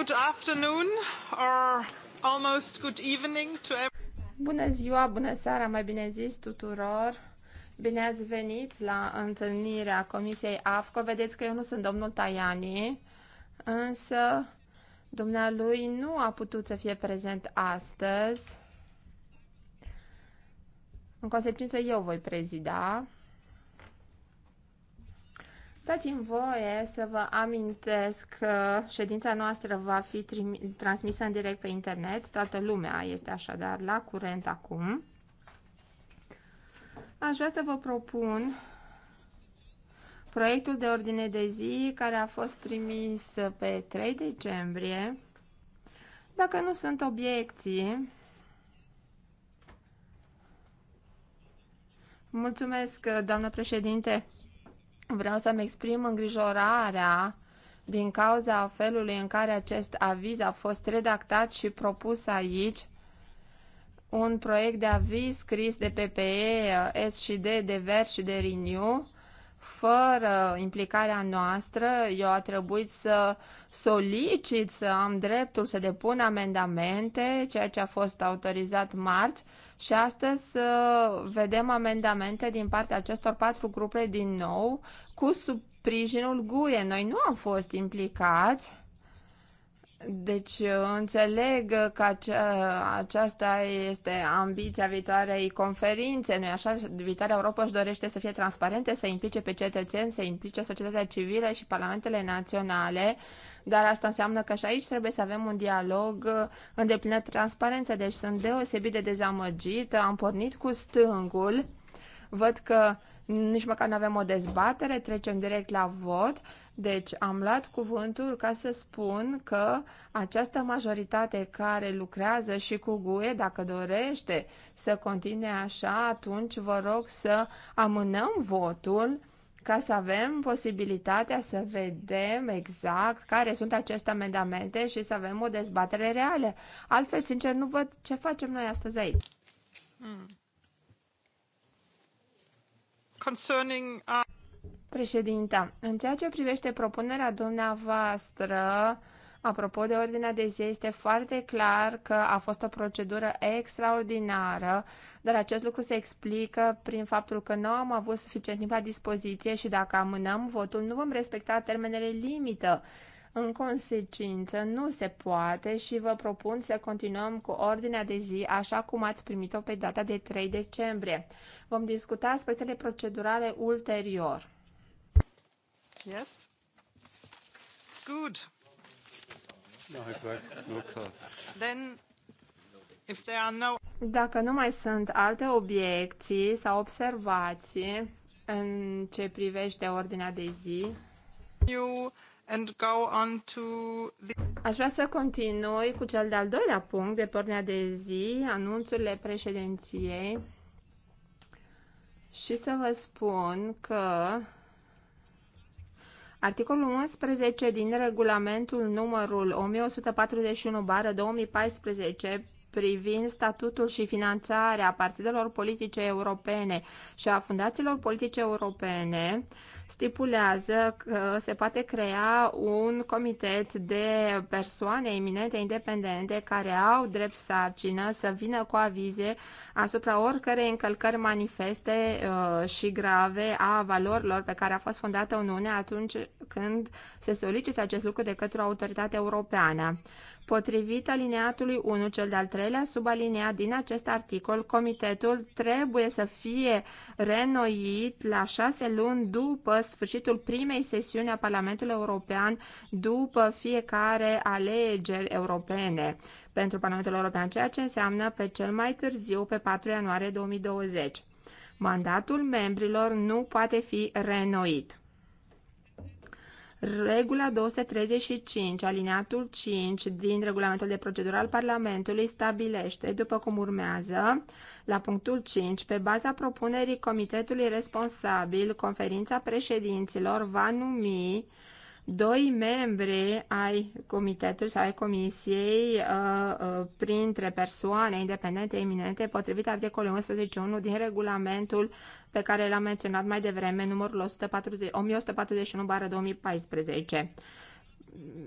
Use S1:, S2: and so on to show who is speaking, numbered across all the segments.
S1: Good afternoon or almost good evening to Bună ziua, bună seara, mai bine zis tuturor. Bine ați venit la întâlnirea Comisiei AFCO. Vedeți că eu nu sunt domnul Tajani, însă dumnealui nu a putut să fie prezent astăzi. În consecință, eu voi prezida Dați-mi voie să vă amintesc că ședința noastră va fi transmisă în direct pe internet. Toată lumea este așadar la curent acum. Aș vrea să vă propun proiectul de ordine de zi care a fost trimis pe 3 decembrie. Dacă nu sunt obiecții, mulțumesc, doamnă președinte. Vreau să-mi exprim îngrijorarea din cauza felului în care acest aviz a fost redactat și propus aici un proiect de aviz scris de PPE, S și D, de Ver și de Renew, fără implicarea noastră, eu a trebuit să solicit să am dreptul să depun amendamente, ceea ce a fost autorizat marți, și astăzi să vedem amendamente din partea acestor patru grupe din nou, cu sprijinul GUE. Noi nu am fost implicați deci înțeleg că aceasta este ambiția viitoarei conferințe, nu-i așa? Viitoarea Europa își dorește să fie transparente, să implice pe cetățeni, să implice societatea civilă și parlamentele naționale, dar asta înseamnă că și aici trebuie să avem un dialog uh, în deplină transparență. Deci sunt deosebit de dezamăgit, am pornit cu stângul, văd că nici măcar nu avem o dezbatere, trecem direct la vot. Deci am luat cuvântul ca să spun că această majoritate care lucrează și cu GUE, dacă dorește să continue așa, atunci vă rog să amânăm votul ca să avem posibilitatea să vedem exact care sunt aceste amendamente și să avem o dezbatere reală. Altfel, sincer, nu văd ce facem noi astăzi aici. Hmm concerning... Uh... Președinta, în ceea ce privește propunerea dumneavoastră, apropo de ordinea de zi, este foarte clar că a fost o procedură extraordinară, dar acest lucru se explică prin faptul că nu am avut suficient timp la dispoziție și dacă amânăm votul, nu vom respecta termenele limită în consecință, nu se poate și vă propun să continuăm cu ordinea de zi așa cum ați primit-o pe data de 3 decembrie. Vom discuta aspectele procedurale ulterior. Yes? Good. Then, if there are no... Dacă nu mai sunt alte obiecții sau observații în ce privește ordinea de zi, you and go on to the... Aș vrea să continui cu cel de-al doilea punct de pornea de zi, anunțurile președinției. Și să vă spun că articolul 11 din regulamentul numărul 1141 2014 privind statutul și finanțarea partidelor politice europene și a fundațiilor politice europene stipulează că se poate crea un comitet de persoane eminente independente care au drept sarcină să vină cu avize asupra oricărei încălcări manifeste uh, și grave a valorilor pe care a fost fondată Uniunea atunci când se solicită acest lucru de către o autoritate europeană. Potrivit alineatului 1, cel de-al treilea subalinea din acest articol, comitetul trebuie să fie renoit la șase luni după sfârșitul primei sesiuni a Parlamentului European, după fiecare alegeri europene pentru Parlamentul European, ceea ce înseamnă pe cel mai târziu, pe 4 ianuarie 2020. Mandatul membrilor nu poate fi renoit. Regula 235, alineatul 5 din regulamentul de procedură al Parlamentului stabilește, după cum urmează, la punctul 5, pe baza propunerii comitetului responsabil, conferința președinților va numi doi membri ai comitetului sau ai comisiei uh, uh, printre persoane independente eminente potrivit articolului 11.1 din regulamentul pe care l-am menționat mai devreme, numărul 140, 1141-2014.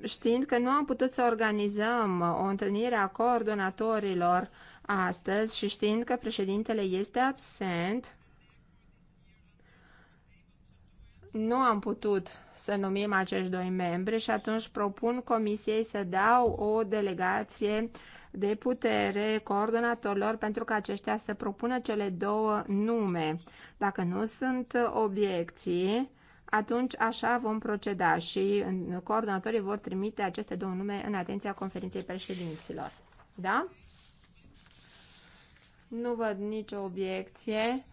S1: Știind că nu am putut să organizăm o întâlnire a coordonatorilor astăzi și știind că președintele este absent, nu am putut să numim acești doi membri și atunci propun comisiei să dau o delegație de putere coordonatorilor pentru ca aceștia să propună cele două nume. Dacă nu sunt obiecții, atunci așa vom proceda și coordonatorii vor trimite aceste două nume în atenția conferinței președinților. Da? Nu văd nicio obiecție.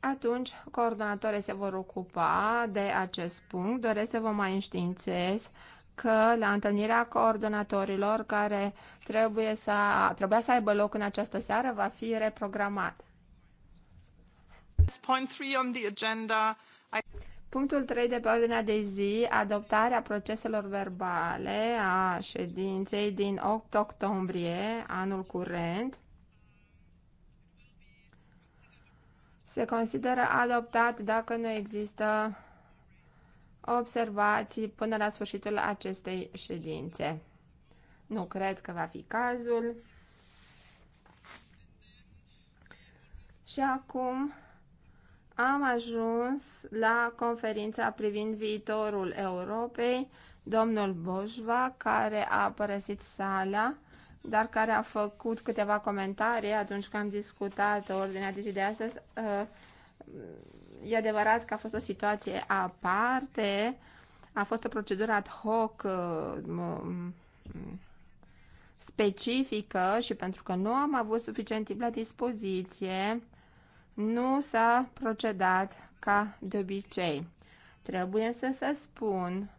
S1: Atunci, coordonatorii se vor ocupa de acest punct. Doresc să vă mai înștiințez că la întâlnirea coordonatorilor care trebuie să, trebuia să aibă loc în această seară va fi reprogramat. Punctul 3 de pe ordinea de zi, adoptarea proceselor verbale a ședinței din 8 octombrie, anul curent, se consideră adoptat dacă nu există observații până la sfârșitul acestei ședințe. Nu cred că va fi cazul. Și acum am ajuns la conferința privind viitorul Europei, domnul Bojva, care a părăsit sala, dar care a făcut câteva comentarii atunci când am discutat ordinea de zi de astăzi, uh, E adevărat că a fost o situație aparte, a fost o procedură ad hoc uh, specifică și pentru că nu am avut suficient timp la dispoziție, nu s-a procedat ca de obicei. Trebuie să se spun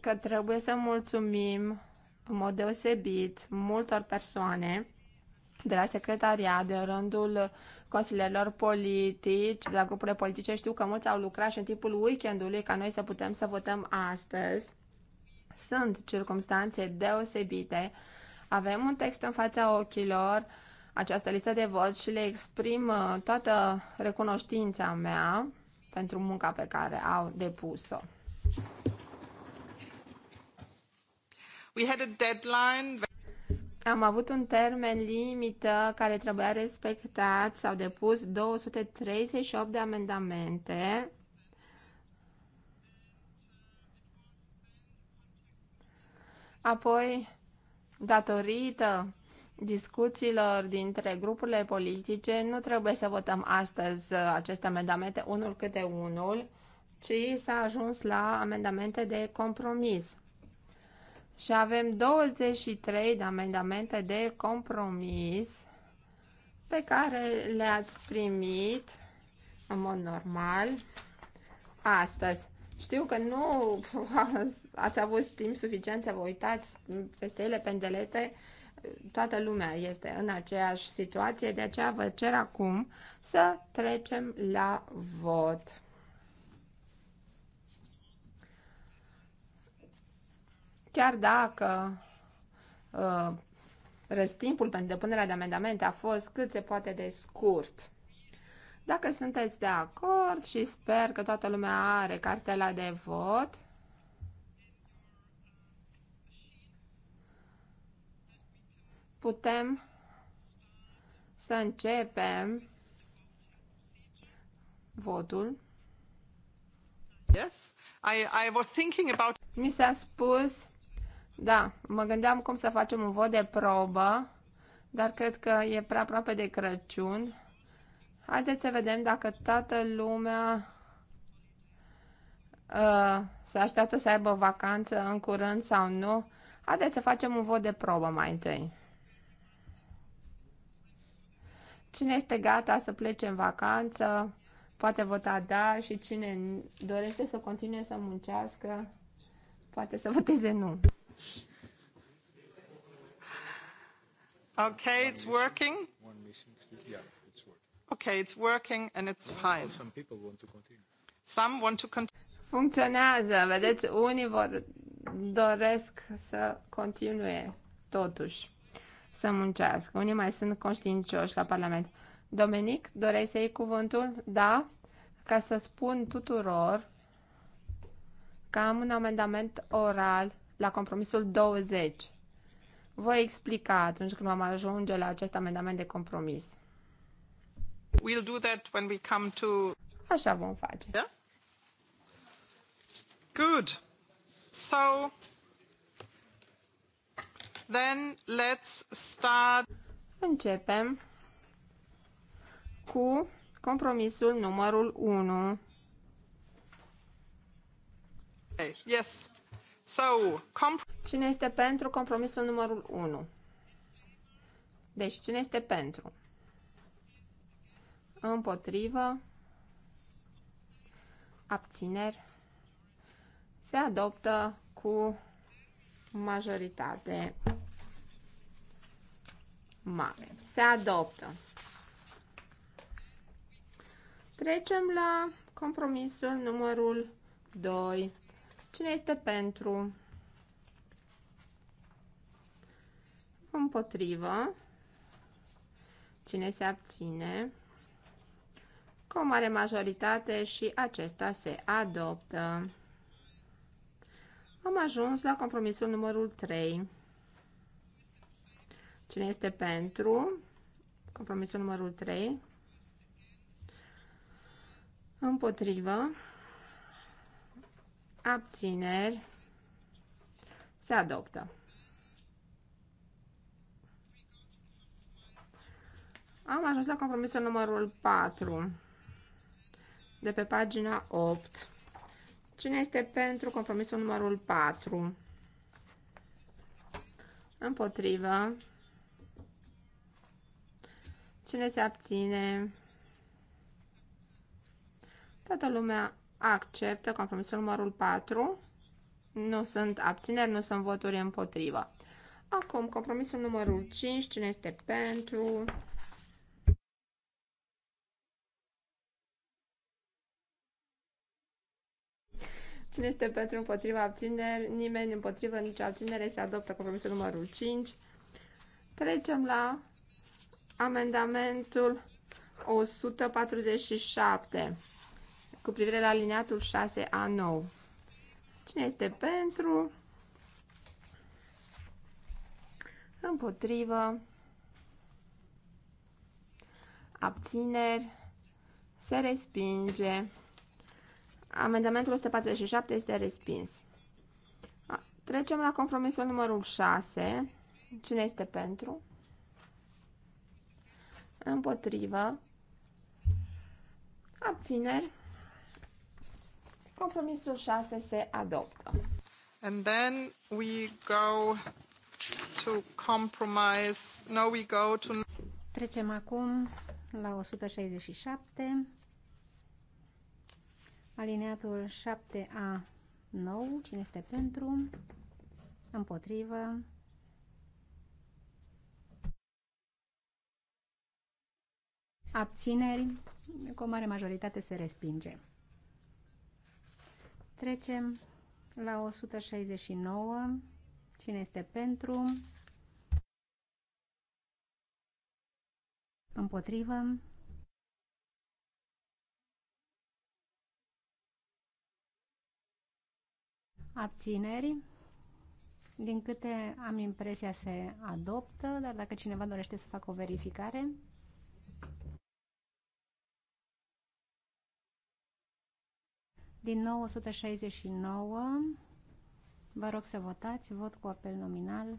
S1: că trebuie să mulțumim în mod deosebit multor persoane de la secretaria, de rândul consilierilor politici, de la grupurile politice. Știu că mulți au lucrat și în timpul weekendului ca noi să putem să votăm astăzi. Sunt circumstanțe deosebite. Avem un text în fața ochilor, această listă de vot și le exprim uh, toată recunoștința mea pentru munca pe care au depus-o. We had a deadline. Am avut un termen limită care trebuia respectat. S-au depus 238 de amendamente. Apoi, datorită discuțiilor dintre grupurile politice, nu trebuie să votăm astăzi aceste amendamente unul câte unul, ci s-a ajuns la amendamente de compromis și avem 23 de amendamente de compromis pe care le-ați primit în mod normal astăzi. Știu că nu ați avut timp suficient să vă uitați peste ele pendelete, toată lumea este în aceeași situație, de aceea vă cer acum să trecem la vot. Chiar dacă uh, răstimpul pentru depunerea de amendamente a fost cât se poate de scurt. Dacă sunteți de acord și sper că toată lumea are cartela de vot, putem să începem votul. Yes, I, I was thinking about... Mi s-a spus da, mă gândeam cum să facem un vot de probă, dar cred că e prea aproape de Crăciun. Haideți să vedem dacă toată lumea uh, se așteaptă să aibă vacanță în curând sau nu. Haideți să facem un vot de probă mai întâi. Cine este gata să plece în vacanță, poate vota da și cine dorește să continue să muncească, poate să voteze nu. Okay, it's working. One missing. Yeah, it's working. Okay, it's working and it's fine. Some people want to continue. Some want to continue. Funcționează, vedeți, unii vor doresc să continue totuși să muncească. Unii mai sunt conștiincioși la Parlament. Domenic, doreai să iei cuvântul? Da? Ca să spun tuturor că am un amendament oral la compromisul 20. Voi explica atunci când vom ajunge la acest amendament de compromis. We'll do that when we come to... Așa vom face. Yeah? Good. So, then let's start... Începem cu compromisul numărul 1.
S2: Yes. So,
S1: cine este pentru compromisul numărul 1? Deci, cine este pentru? Împotrivă. Abțineri. Se adoptă cu majoritate mare. Se adoptă. Trecem la compromisul numărul 2 Cine este pentru? Împotrivă. Cine se abține? Cu o mare majoritate și acesta se adoptă. Am ajuns la compromisul numărul 3. Cine este pentru? Compromisul numărul 3. Împotrivă abțineri, se adoptă. Am ajuns la compromisul numărul 4 de pe pagina 8. Cine este pentru compromisul numărul 4? Împotrivă. Cine se abține? Toată lumea acceptă compromisul numărul 4. Nu sunt abțineri, nu sunt voturi împotrivă. Acum, compromisul numărul 5, cine este pentru? Cine este pentru împotriva abțineri? Nimeni împotrivă, nicio abținere. Se adoptă compromisul numărul 5. Trecem la amendamentul 147 cu privire la alineatul 6A9. Cine este pentru? Împotrivă. Abțineri. Se respinge. Amendamentul 147 este respins. Trecem la compromisul numărul 6. Cine este pentru? Împotrivă. Abțineri. Compromisul 6 se adoptă.
S2: And then we go to compromise. No, we go to... Trecem acum la 167. Alineatul 7A nou. Cine este pentru? Împotrivă. Abțineri. Cu o mare majoritate se respinge. Trecem la 169. Cine este pentru? Împotrivă? Abțineri? Din câte am impresia se adoptă, dar dacă cineva dorește să facă o verificare... Din 969, vă rog să votați, vot cu apel nominal.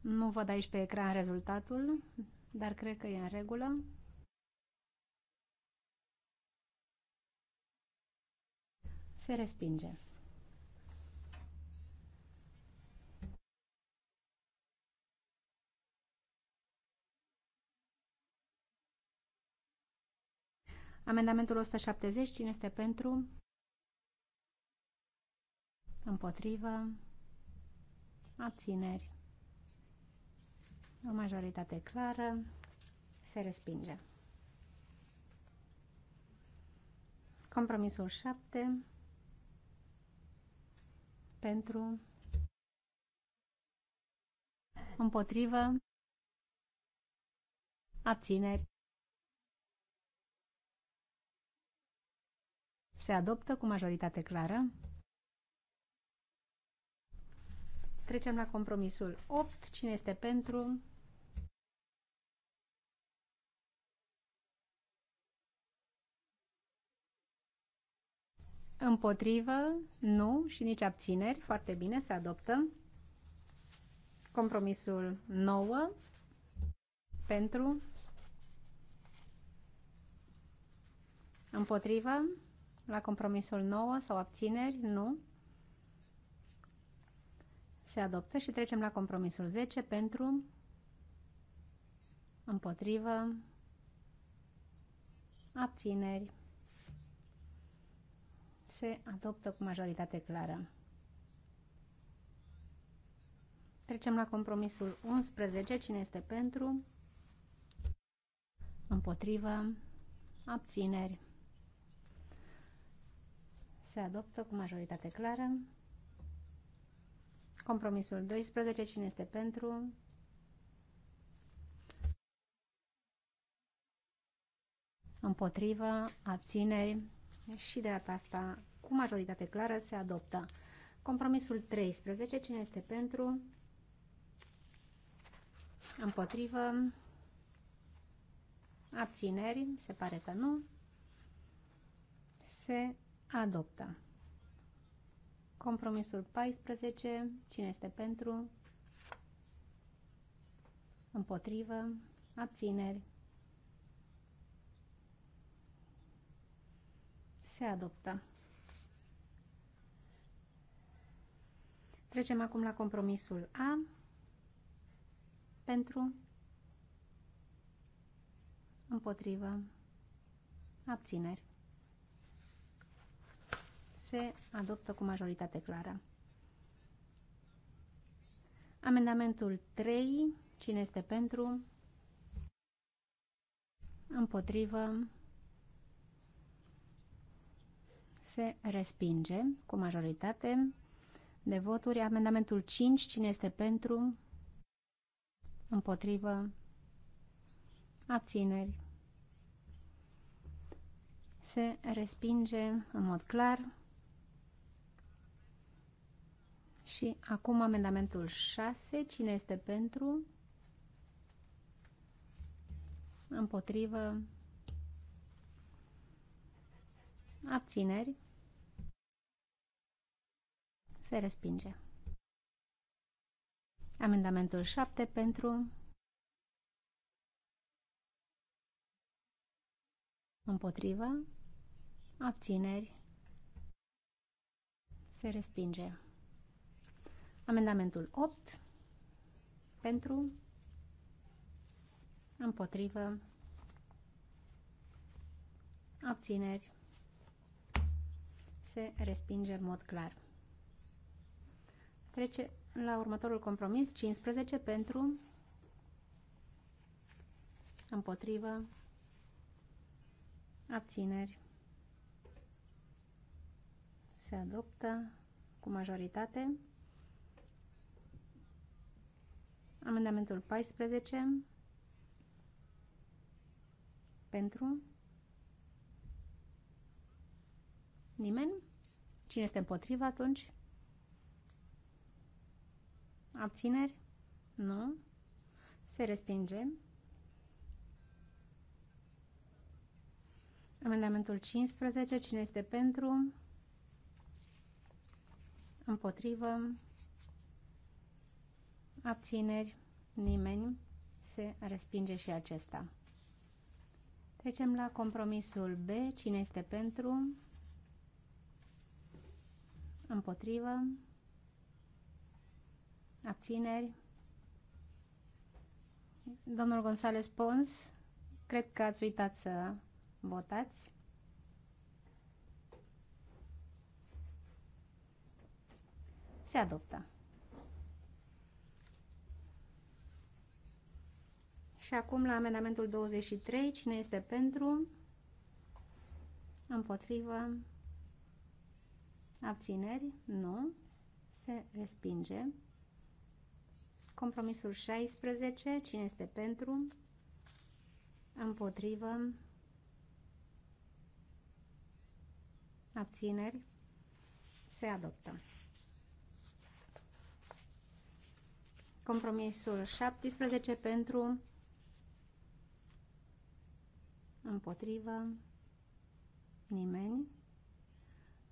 S2: Nu văd aici pe ecran rezultatul, dar cred că e în regulă. Se respinge. Amendamentul 170, cine este pentru? Împotrivă. Abțineri. O majoritate clară. Se respinge. Compromisul 7. Pentru. Împotrivă. Abțineri. Se adoptă cu majoritate clară. Trecem la compromisul 8. Cine este pentru? Împotrivă? Nu. Și nici abțineri. Foarte bine, se adoptă. Compromisul 9. Pentru? Împotrivă? La compromisul 9 sau abțineri? Nu. Se adoptă și trecem la compromisul 10 pentru împotrivă abțineri. Se adoptă cu majoritate clară. Trecem la compromisul 11. Cine este pentru? Împotrivă. Abțineri se adoptă cu majoritate clară. Compromisul 12, cine este pentru? Împotrivă, abțineri și de data asta cu majoritate clară se adoptă. Compromisul 13, cine este pentru? Împotrivă, abțineri, se pare că nu, se adoptă. Compromisul 14. Cine este pentru? Împotrivă? Abțineri? Se adoptă. Trecem acum la compromisul A. Pentru? Împotrivă? Abțineri? se adoptă cu majoritate clară. Amendamentul 3. Cine este pentru? Împotrivă. Se respinge cu majoritate de voturi. Amendamentul 5. Cine este pentru? Împotrivă. Abțineri. Se respinge în mod clar. Și acum amendamentul 6. Cine este pentru? Împotrivă? Abțineri? Se respinge. Amendamentul 7 pentru... Împotrivă? Abțineri? Se respinge. Amendamentul 8 pentru, împotrivă, abțineri, se respinge în mod clar. Trece la următorul compromis, 15 pentru, împotrivă, abțineri, se adoptă cu majoritate. Amendamentul 14 pentru nimeni. Cine este împotrivă atunci? Abțineri? Nu. Se respinge. Amendamentul 15. Cine este pentru? Împotrivă? abțineri, nimeni, se respinge și acesta. Trecem la compromisul B. Cine este pentru? Împotrivă? Abțineri? Domnul González Pons, cred că ați uitat să votați. Se adoptă. Și acum la amendamentul 23, cine este pentru? Împotrivă? Abțineri? Nu. Se respinge. Compromisul 16, cine este pentru? Împotrivă? Abțineri? Se adoptă. Compromisul 17 pentru împotrivă, nimeni,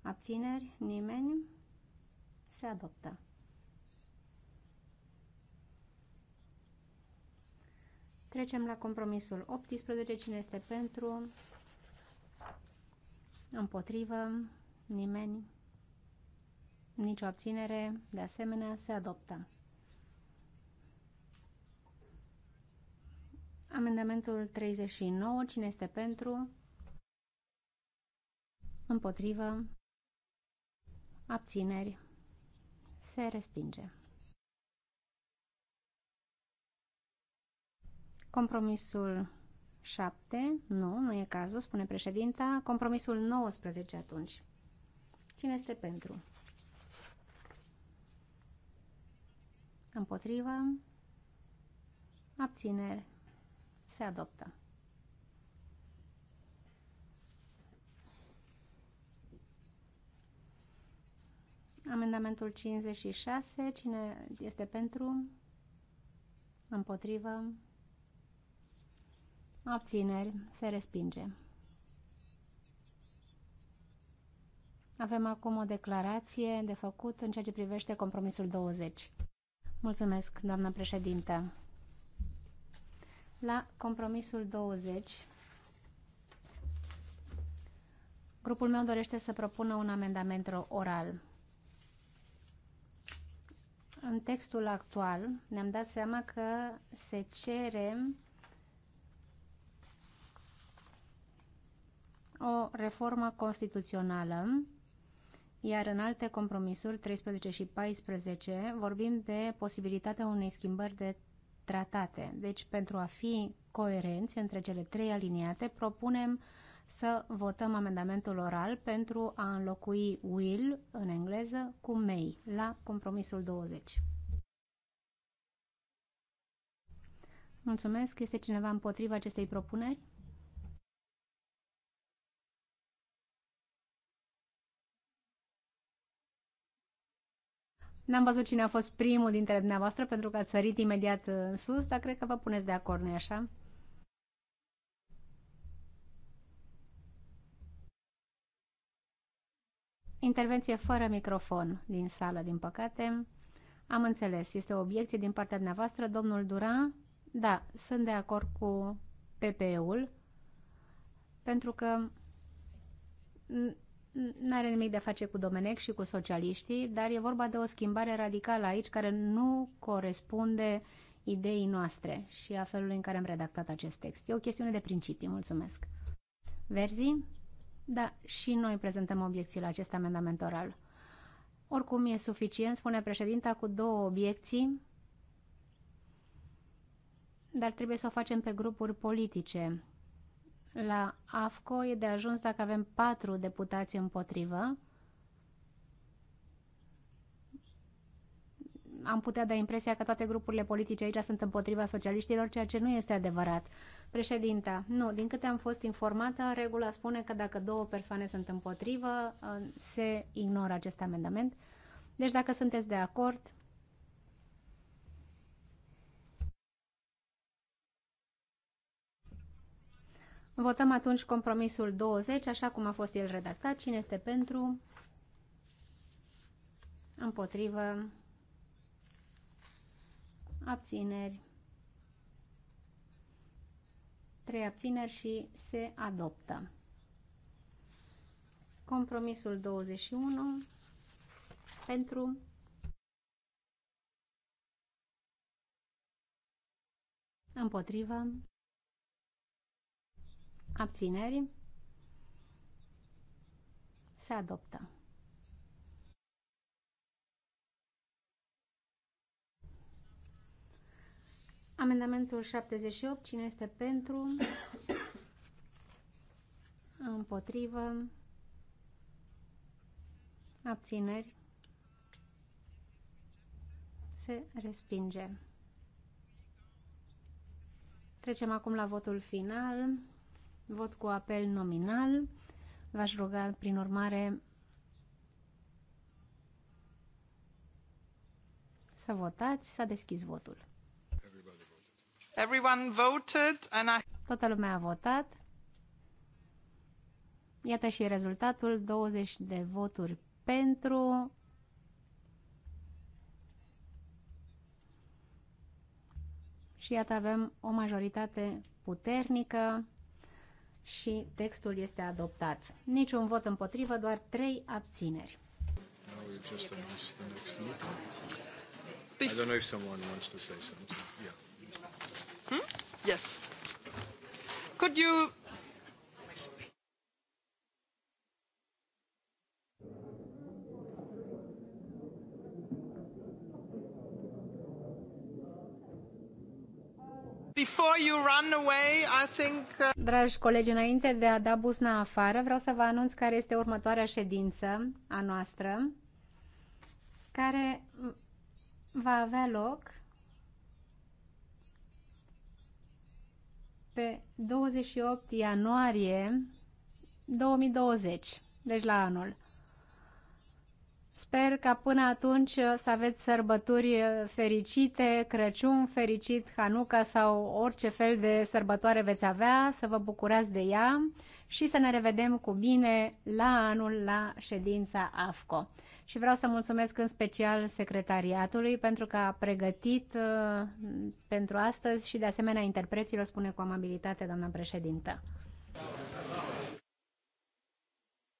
S2: abțineri, nimeni, se adoptă. Trecem la compromisul 18. Cine este pentru? Împotrivă? Nimeni? Nicio abținere? De asemenea, se adoptă. Amendamentul 39. Cine este pentru? Împotrivă. Abțineri. Se respinge. Compromisul 7. Nu, nu e cazul, spune președinta. Compromisul 19 atunci. Cine este pentru? Împotrivă. Abțineri. Se adoptă. Amendamentul 56, cine este pentru? Împotrivă? Abțineri, se respinge. Avem acum o declarație de făcut în ceea ce privește compromisul 20. Mulțumesc, doamna președintă. La compromisul 20, grupul meu dorește să propună un amendament oral. În textul actual ne-am dat seama că se cere o reformă constituțională, iar în alte compromisuri, 13 și 14, vorbim de posibilitatea unei schimbări de tratate. Deci, pentru a fi coerenți între cele trei aliniate, propunem să votăm amendamentul oral pentru a înlocui will în engleză cu may la compromisul 20. Mulțumesc. Este cineva împotriva acestei propuneri? N-am văzut cine a fost primul dintre dumneavoastră pentru că ați sărit imediat uh, în sus, dar cred că vă puneți de acord, nu-i așa? Intervenție fără microfon din sală, din păcate. Am înțeles, este o obiecție din partea dumneavoastră. Domnul Duran, da, sunt de acord cu PPE-ul, pentru că n-are nimic de a face cu Domenec și cu socialiștii, dar e vorba de o schimbare radicală aici care nu corespunde ideii noastre și a felului în care am redactat acest text. E o chestiune de principii. Mulțumesc. Verzi? Da, și noi prezentăm obiecții la acest amendament oral. Oricum e suficient, spune președinta, cu două obiecții, dar trebuie să o facem pe grupuri politice la AFCO e de ajuns dacă avem patru deputați împotrivă. Am putea da impresia că toate grupurile politice aici sunt împotriva socialiștilor, ceea ce nu este adevărat. Președinta, nu, din câte am fost informată, regula spune că dacă două persoane sunt împotrivă, uh, se ignoră acest amendament. Deci dacă sunteți de acord, Votăm atunci compromisul 20, așa cum a fost el redactat. Cine este pentru? Împotrivă? Abțineri? Trei abțineri și se adoptă. Compromisul 21 pentru împotrivă Abțineri. Se adoptă. Amendamentul 78. Cine este pentru? Împotrivă. Abțineri. Se respinge. Trecem acum la votul final. Vot cu apel nominal. V-aș ruga, prin urmare, să votați. S-a deschis votul.
S1: Everyone voted and I...
S2: Toată lumea a votat. Iată și rezultatul, 20 de voturi pentru, și iată avem o majoritate puternică și textul este adoptat. Niciun vot împotrivă, doar trei abțineri. I don't know if someone wants to say something. Yeah. Hmm? Yes. Could you Uh, Dragi colegi, înainte de a da busna afară, vreau să vă anunț care este următoarea ședință a noastră, care va avea loc pe 28 ianuarie 2020, deci la anul. Sper ca până atunci uh, să aveți sărbători uh, fericite, Crăciun fericit, Hanuca sau orice fel de sărbătoare veți avea, să vă bucurați de ea și să ne revedem cu bine la anul la ședința AFCO. Și vreau să mulțumesc în special secretariatului pentru că a pregătit uh, pentru astăzi și de asemenea interpreților, spune cu amabilitate doamna președintă.